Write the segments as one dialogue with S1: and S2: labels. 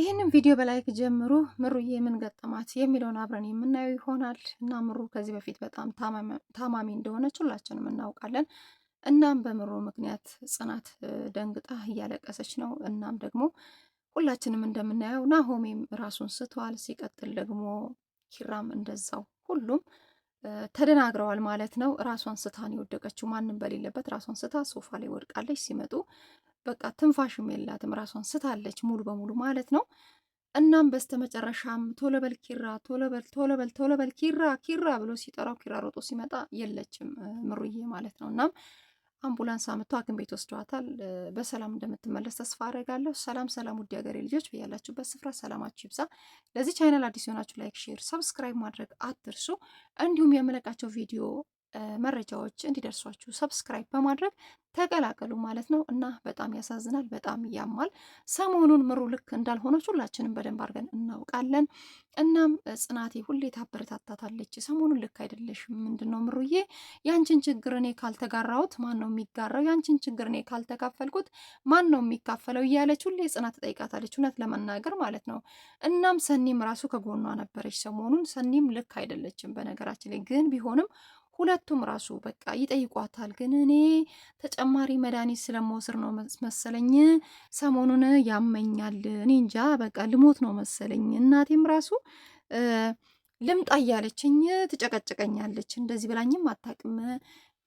S1: ይህንን ቪዲዮ በላይክ ጀምሩ። ምሩዬ ምን ገጠማት የሚለውን አብረን የምናየው ይሆናል እና ምሩ ከዚህ በፊት በጣም ታማሚ እንደሆነች ሁላችንም እናውቃለን። እናም በምሩ ምክንያት ጽናት ደንግጣ እያለቀሰች ነው። እናም ደግሞ ሁላችንም እንደምናየው ናሆሜም ራሱን ስቷል ሲቀጥል ደግሞ ኪራም እንደዛው ሁሉም ተደናግረዋል ማለት ነው። ራሷን ስታን የወደቀችው። ማንም በሌለበት ራሷን ስታ ሶፋ ላይ ወድቃለች። ሲመጡ በቃ ትንፋሽም የላትም ራሷን ስታለች ሙሉ በሙሉ ማለት ነው። እናም በስተመጨረሻም ቶሎ በል ኪራ፣ ቶሎ በል ቶሎ በል ቶሎ በል ኪራ ኪራ ብሎ ሲጠራው ኪራ ሮጦ ሲመጣ የለችም ምሩዬ ማለት ነው። እናም አምቡላንስ አምጥቶ ሐኪም ቤት ወስደዋታል። በሰላም እንደምትመለስ ተስፋ አደርጋለሁ። ሰላም ሰላም፣ ውድ ሀገሬ ልጆች በያላችሁበት ስፍራ ሰላማችሁ ይብዛ። ለዚህ ቻይናል አዲስ የሆናችሁ ላይክ፣ ሼር፣ ሰብስክራይብ ማድረግ አትርሱ። እንዲሁም የምለቃቸው ቪዲዮ መረጃዎች እንዲደርሷችሁ ሰብስክራይብ በማድረግ ተቀላቀሉ ማለት ነው። እና በጣም ያሳዝናል፣ በጣም ያማል። ሰሞኑን ምሩ ልክ እንዳልሆነች ሁላችንም በደንብ አድርገን እናውቃለን። እናም ጽናቴ ሁሌ ታበረታታታለች። ሰሞኑን ልክ አይደለሽ፣ ምንድን ነው ምሩዬ፣ ያንቺን ችግር እኔ ካልተጋራሁት ማን ነው የሚጋራው? ያንቺን ችግር እኔ ካልተካፈልኩት ማን ነው የሚካፈለው? እያለች ሁሌ ጽናት ጠይቃታለች፣ እውነት ለመናገር ማለት ነው። እናም ሰኒም ራሱ ከጎኗ ነበረች። ሰሞኑን ሰኒም ልክ አይደለችም። በነገራችን ላይ ግን ቢሆንም ሁለቱም ራሱ በቃ ይጠይቋታል። ግን እኔ ተጨማሪ መድኃኒት ስለመውሰድ ነው መሰለኝ ሰሞኑን ያመኛል፣ እኔ እንጃ በቃ ልሞት ነው መሰለኝ። እናቴም ራሱ ልምጣ እያለችኝ ትጨቀጨቀኛለች። እንደዚህ ብላኝም አታውቅም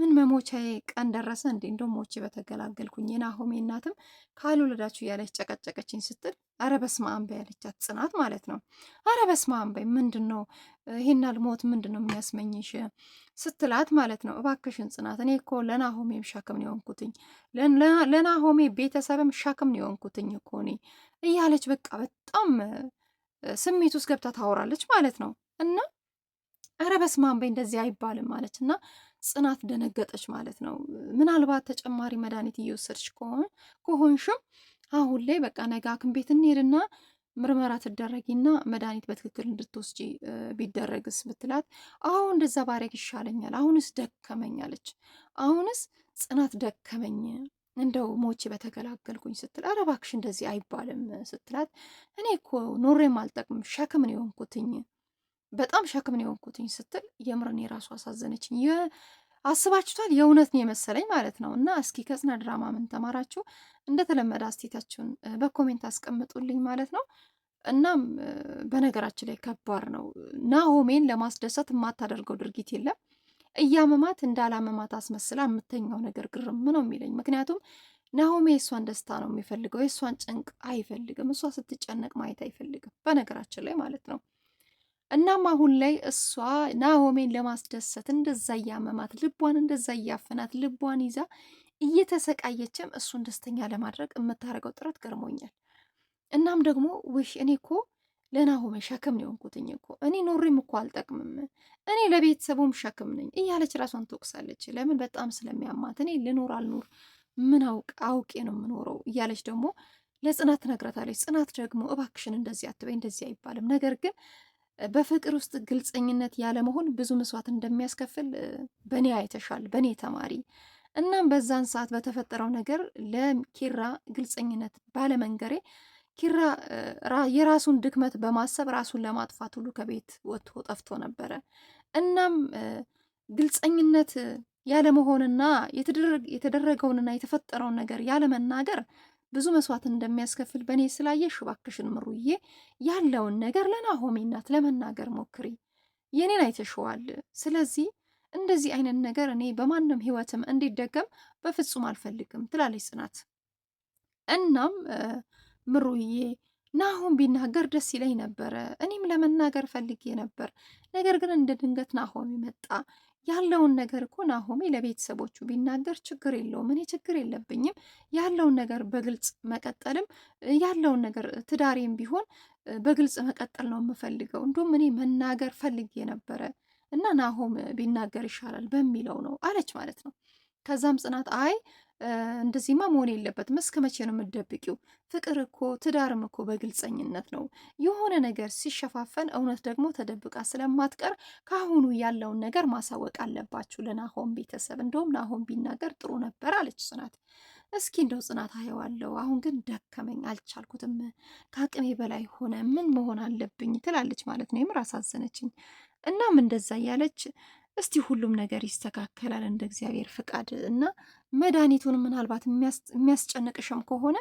S1: ምን መሞቻዬ ቀን ደረሰ እንዴ? እንደ ሞቼ በተገላገልኩኝ። የናሆሜ እናትም ካልወለዳችሁ እያለች ጨቀጨቀችኝ ስትል አረ በስመ አብ ያለቻት ጽናት ማለት ነው። አረ በስመ አብ በይ ምንድን ነው ይሄን ልሞት ምንድን ነው የሚያስመኝሽ ስትላት ማለት ነው። እባክሽን ጽናት፣ እኔ እኮ ለናሆሜም ሸክም ነው የሆንኩትኝ፣ ለናሆሜ ቤተሰብም ሸክም ነው የሆንኩትኝ እኮ እኔ እያለች በቃ በጣም ስሜት ውስጥ ገብታ ታወራለች ማለት ነው። እና አረ በስመ አብ እንደዚህ አይባልም ማለች እና ጽናት ደነገጠች ማለት ነው። ምናልባት ተጨማሪ መድኃኒት እየወሰድሽ ከሆነ ከሆንሽም አሁን ላይ በቃ ነገ ሐኪም ቤት እንሄድና ምርመራ ትደረጊና መድኃኒት በትክክል እንድትወስጂ ቢደረግስ ብትላት፣ አሁን እንደዛ ባረግ ይሻለኛል፣ አሁንስ ደከመኝ አለች። አሁንስ ጽናት ደከመኝ እንደው ሞቼ በተገላገልኩኝ ስትል፣ ኧረ እባክሽ እንደዚህ አይባልም ስትላት፣ እኔ እኮ ኖሬም አልጠቅምም ሸክም ነው የሆንኩትኝ በጣም ሸክም ነው የሆንኩትኝ ስትል የምርን የራሱ አሳዘነችኝ። አስባችሁታል? የእውነት ነው የመሰለኝ ማለት ነው። እና እስኪ ከጽና ድራማ ምን ተማራችሁ? እንደተለመደ አስቴታችሁን በኮሜንት አስቀምጡልኝ ማለት ነው። እናም በነገራችን ላይ ከባድ ነው። ናሆሜን ለማስደሰት የማታደርገው ድርጊት የለም። እያመማት እንዳላመማት አስመስላ የምተኛው ነገር ግርም ነው የሚለኝ። ምክንያቱም ናሆሜ የእሷን ደስታ ነው የሚፈልገው፣ የእሷን ጭንቅ አይፈልግም። እሷ ስትጨነቅ ማየት አይፈልግም፣ በነገራችን ላይ ማለት ነው። እናም አሁን ላይ እሷ ናሆሜን ለማስደሰት እንደዛ እያመማት ልቧን እንደዛ እያፈናት ልቧን ይዛ እየተሰቃየችም እሱን ደስተኛ ለማድረግ የምታደርገው ጥረት ገርሞኛል። እናም ደግሞ ውሽ እኔ እኮ ለናሆሜ ሸክም ነው የሆንኩትኝ እኮ እኔ ኖሬም እኮ አልጠቅምም፣ እኔ ለቤተሰቡም ሸክም ነኝ እያለች ራሷን ትወቅሳለች። ለምን በጣም ስለሚያማት እኔ ልኖር አልኖር ምን አውቅ አውቄ ነው የምኖረው እያለች ደግሞ ለጽናት ነግረታለች ጽናት ደግሞ እባክሽን እንደዚህ አትበይ እንደዚህ አይባልም ነገር ግን በፍቅር ውስጥ ግልፀኝነት ያለመሆን ብዙ መስዋዕት እንደሚያስከፍል በእኔ አይተሻል፣ በእኔ ተማሪ። እናም በዛን ሰዓት በተፈጠረው ነገር ለኪራ ግልፀኝነት ባለመንገሬ ኪራ የራሱን ድክመት በማሰብ ራሱን ለማጥፋት ሁሉ ከቤት ወጥቶ ጠፍቶ ነበረ። እናም ግልፀኝነት ያለመሆንና የተደረገውንና የተፈጠረውን ነገር ያለመናገር ብዙ መስዋዕት እንደሚያስከፍል በእኔ ስላየሽ እባክሽን ምሩዬ ያለውን ነገር ለናሆሜ እናት ለመናገር ሞክሪ። የኔን አይተሽዋል። ስለዚህ እንደዚህ አይነት ነገር እኔ በማንም ህይወትም እንዲደገም በፍጹም አልፈልግም ትላለች ጽናት። እናም ምሩዬ ናሆም ቢናገር ደስ ይለኝ ነበረ፣ እኔም ለመናገር ፈልጌ ነበር። ነገር ግን እንደ ድንገት ናሆም መጣ። ያለውን ነገር እኮ ናሆሜ ለቤተሰቦቹ ቢናገር ችግር የለውም፣ እኔ ችግር የለብኝም። ያለውን ነገር በግልጽ መቀጠልም ያለውን ነገር ትዳሬም ቢሆን በግልጽ መቀጠል ነው የምፈልገው። እንዲሁም እኔ መናገር ፈልጌ ነበረ እና ናሆም ቢናገር ይሻላል በሚለው ነው አለች ማለት ነው። ከዛም ጽናት አይ እንደዚህማ መሆን የለበትም። እስከ መቼ ነው የምትደብቂው? ፍቅር እኮ ትዳርም እኮ በግልጸኝነት ነው። የሆነ ነገር ሲሸፋፈን እውነት ደግሞ ተደብቃ ስለማትቀር ከአሁኑ ያለውን ነገር ማሳወቅ አለባችሁ ለናሆም ቤተሰብ። እንደውም ናሆም ቢናገር ጥሩ ነበር አለች ጽናት። እስኪ እንደው ጽናት አየዋለሁ፣ አሁን ግን ደከመኝ፣ አልቻልኩትም፣ ከአቅሜ በላይ ሆነ፣ ምን መሆን አለብኝ ትላለች ማለት ነው። የምር አሳዘነችኝ። እናም እንደዛ እያለች እስቲ ሁሉም ነገር ይስተካከላል እንደ እግዚአብሔር ፍቃድ እና መድኃኒቱን ምናልባት የሚያስጨንቅሽም ከሆነ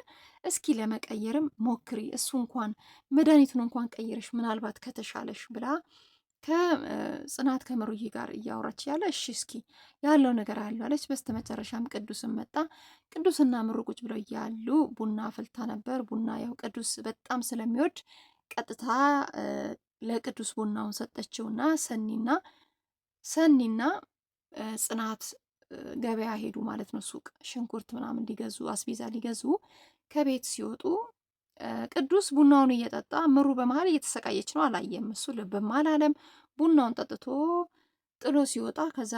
S1: እስኪ ለመቀየርም ሞክሪ። እሱ እንኳን መድኃኒቱን እንኳን ቀይርሽ ምናልባት ከተሻለሽ ብላ ከጽናት ከምሩዬ ጋር እያወራች ያለ እሺ እስኪ ያለው ነገር አለ አለች። በስተ መጨረሻም ቅዱስን መጣ። ቅዱስና ምሩ ቁጭ ብለው እያሉ ቡና አፍልታ ነበር። ቡና ያው ቅዱስ በጣም ስለሚወድ ቀጥታ ለቅዱስ ቡናውን ሰጠችውና ሰኒና ሰኒና ጽናት ገበያ ሄዱ ማለት ነው። ሱቅ ሽንኩርት ምናምን ሊገዙ አስቤዛ ሊገዙ ከቤት ሲወጡ ቅዱስ ቡናውን እየጠጣ ምሩ በመሀል እየተሰቃየች ነው። አላየም እሱ ልብም አላለም። ቡናውን ጠጥቶ ጥሎ ሲወጣ ከዛ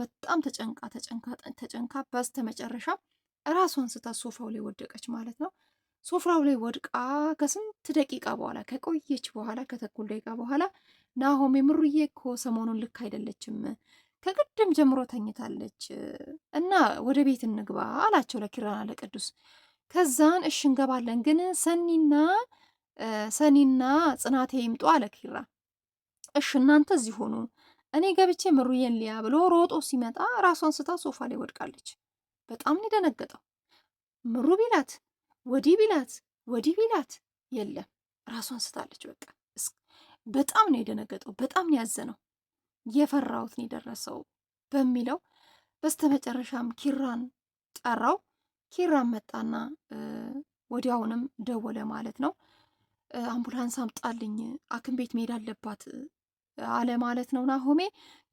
S1: በጣም ተጨንቃ ተጨንቃ ተጨንቃ በስተ መጨረሻ ራሷን ስታ ሶፋው ላይ ወደቀች ማለት ነው። ሶፍራው ላይ ወድቃ ከስንት ደቂቃ በኋላ ከቆየች በኋላ ከተኩል ደቂቃ በኋላ ናሆም የምሩዬ እኮ ሰሞኑን ልክ አይደለችም፣ ከቅድም ጀምሮ ተኝታለች እና ወደ ቤት እንግባ አላቸው ለኪራና ለቅዱስ። ከዛን እሽ እንገባለን፣ ግን ሰኒና ሰኒና ጽናቴ ይምጡ አለ ኪራ። እሽ እናንተ እዚህ ሆኑ፣ እኔ ገብቼ ምሩዬን ሊያ ብሎ ሮጦ ሲመጣ ራሷን ስታ ሶፋ ላይ ወድቃለች። በጣም ነው ምሩ ቢላት ወዲህ ቢላት ወዲህ ቢላት የለም ራሷን ስታለች በቃ በጣም ነው የደነገጠው፣ በጣም ነው ያዘነው። የፈራሁት ነው የደረሰው በሚለው በስተመጨረሻም ኪራን ጠራው። ኪራን መጣና ወዲያውንም ደወለ ማለት ነው። አምቡላንስ አምጣልኝ አክም ቤት መሄድ አለባት አለ ማለት ነው ናሆሜ።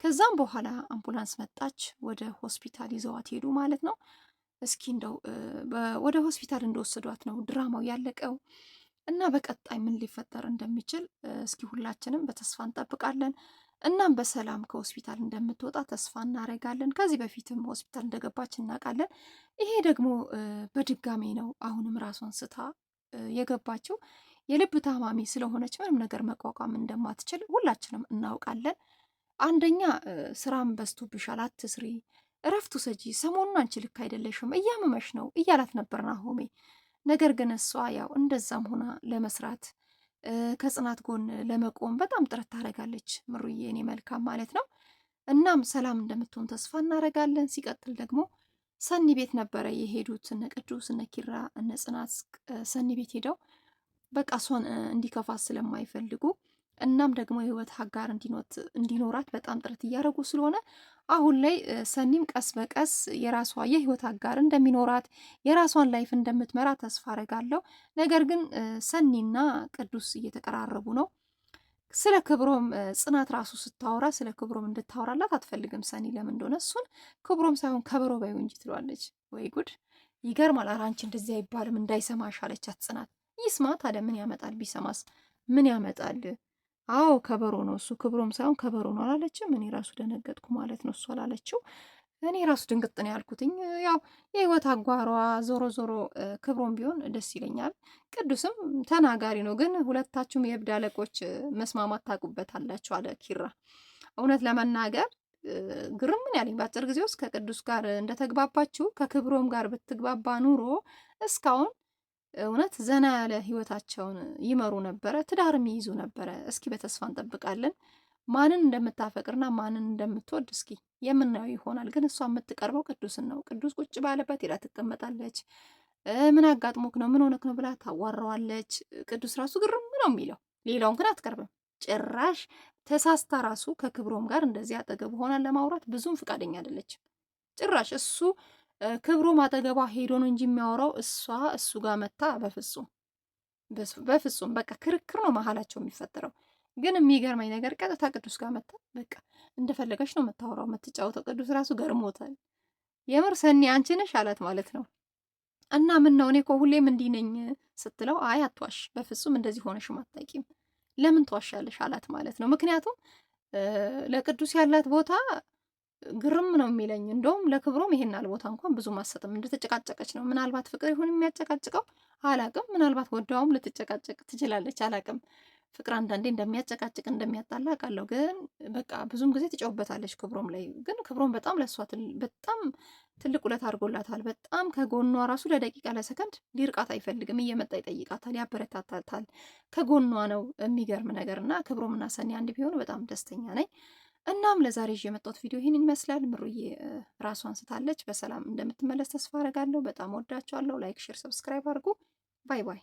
S1: ከዛም በኋላ አምቡላንስ መጣች። ወደ ሆስፒታል ይዘዋት ሄዱ ማለት ነው። እስኪ እንደው ወደ ሆስፒታል እንደወሰዷት ነው ድራማው ያለቀው። እና በቀጣይ ምን ሊፈጠር እንደሚችል እስኪ ሁላችንም በተስፋ እንጠብቃለን። እናም በሰላም ከሆስፒታል እንደምትወጣ ተስፋ እናደርጋለን። ከዚህ በፊትም ሆስፒታል እንደገባች እናውቃለን። ይሄ ደግሞ በድጋሜ ነው። አሁንም ራሷን ስታ የገባችው የልብ ታማሚ ስለሆነች ምንም ነገር መቋቋም እንደማትችል ሁላችንም እናውቃለን። አንደኛ ስራም በዝቶብሻል፣ አትስሪ፣ እረፍት ሰጂ፣ ሰሞኑን አንቺ ልክ አይደለሽም፣ እያመመሽ ነው እያላት ነበር ናሆሜ ነገር ግን እሷ ያው እንደዛም ሆና ለመስራት ከጽናት ጎን ለመቆም በጣም ጥረት ታደርጋለች። ምሩዬ እኔ መልካም ማለት ነው። እናም ሰላም እንደምትሆን ተስፋ እናደርጋለን። ሲቀጥል ደግሞ ሰኒ ቤት ነበረ የሄዱት እነ ቅዱስ እነ ኪራ እነ ጽናት ሰኒ ቤት ሄደው በቃ እሷን እንዲከፋት ስለማይፈልጉ እናም ደግሞ የህይወት አጋር እንዲኖራት በጣም ጥረት እያደረጉ ስለሆነ አሁን ላይ ሰኒም ቀስ በቀስ የራሷ የህይወት አጋር እንደሚኖራት የራሷን ላይፍ እንደምትመራ ተስፋ አረጋለሁ። ነገር ግን ሰኒና ቅዱስ እየተቀራረቡ ነው። ስለ ክብሮም ጽናት ራሱ ስታወራ ስለ ክብሮም እንድታወራላት አትፈልግም ሰኒ። ለምን እንደሆነ እሱን ክብሮም ሳይሆን ከበሮ በዩ እንጂ ትሏለች። ወይ ጉድ ይገርማል። ኧረ አንቺ እንደዚህ አይባልም እንዳይሰማሽ አለቻት ጽናት። ይስማ ታዲያ ምን ያመጣል? ቢሰማስ ምን ያመጣል? አዎ ከበሮ ነው እሱ ክብሮም ሳይሆን ከበሮ ነው አላለችም። እኔ ራሱ ደነገጥኩ ማለት ነው እሱ አላለችው። እኔ ራሱ ድንግጥ ነው ያልኩትኝ። ያው የህይወት አጓሯ ዞሮ ዞሮ ክብሮም ቢሆን ደስ ይለኛል። ቅዱስም ተናጋሪ ነው፣ ግን ሁለታችሁም የእብድ አለቆች መስማማት ታውቁበታላችሁ አለ ኪራ። እውነት ለመናገር ግርም ምን ያለኝ በአጭር ጊዜ ውስጥ ከቅዱስ ጋር እንደተግባባችሁ ከክብሮም ጋር ብትግባባ ኑሮ እስካሁን እውነት ዘና ያለ ህይወታቸውን ይመሩ ነበረ፣ ትዳርም ይይዙ ነበረ። እስኪ በተስፋ እንጠብቃለን። ማንን እንደምታፈቅርና ማንን እንደምትወድ እስኪ የምናየው ይሆናል። ግን እሷ የምትቀርበው ቅዱስን ነው። ቅዱስ ቁጭ ባለበት ሄዳ ትቀመጣለች። ምን አጋጥሞክ ነው? ምን ሆነክ ነው ብላ ታዋራዋለች። ቅዱስ ራሱ ግርም ነው የሚለው። ሌላውን ግን አትቀርብም። ጭራሽ ተሳስታ ራሱ ከክብሮም ጋር እንደዚህ አጠገብ ሆና ለማውራት ብዙም ፈቃደኛ አይደለችም። ጭራሽ እሱ ክብሮም አጠገቧ ሄዶ ነው እንጂ የሚያወራው እሷ እሱ ጋር መታ፣ በፍጹም በፍጹም በቃ ክርክር ነው መሀላቸው የሚፈጠረው። ግን የሚገርመኝ ነገር ቀጥታ ቅዱስ ጋር መታ፣ በቃ እንደፈለገች ነው የምታወራው የምትጫወተው። ቅዱስ ራሱ ገርሞታል። የምር ሰኒ አንቺ ነሽ አላት ማለት ነው። እና ምን ነው እኔ እኮ ሁሌም እንዲህ ነኝ ስትለው፣ አይ አትዋሽ፣ በፍጹም እንደዚህ ሆነሽም አታውቂም። ለምን ትዋሻለሽ አላት ማለት ነው። ምክንያቱም ለቅዱስ ያላት ቦታ ግርም ነው የሚለኝ። እንደውም ለክብሮም ይሄን አልቦታ እንኳን ብዙ ማሰጥም እንደተጨቃጨቀች ነው። ምናልባት ፍቅር ይሁን የሚያጨቃጭቀው አላቅም። ምናልባት ወዳውም ልትጨቃጨቅ ትችላለች፣ አላቅም። ፍቅር አንዳንዴ እንደሚያጨቃጭቅ እንደሚያጣላ አውቃለሁ። ግን በቃ ብዙም ጊዜ ትጨውበታለች ክብሮም ላይ። ግን ክብሮም በጣም ለእሷ በጣም ትልቅ ውለት አድርጎላታል። በጣም ከጎኗ ራሱ ለደቂቃ ለሰከንድ ሊርቃት አይፈልግም። እየመጣ ይጠይቃታል፣ ያበረታታታል። ከጎኗ ነው። የሚገርም ነገር እና ክብሮምና ሰኒ አንድ ቢሆኑ በጣም ደስተኛ ነኝ። እናም ለዛሬ ይዤ የመጣሁት ቪዲዮ ይህን ይመስላል። ምሩዬ ራሷን ስታለች በሰላም እንደምትመለስ ተስፋ አረጋለሁ። በጣም ወዳችኋለሁ። ላይክ፣ ሼር፣ ሰብስክራይብ አድርጉ። ባይ ባይ።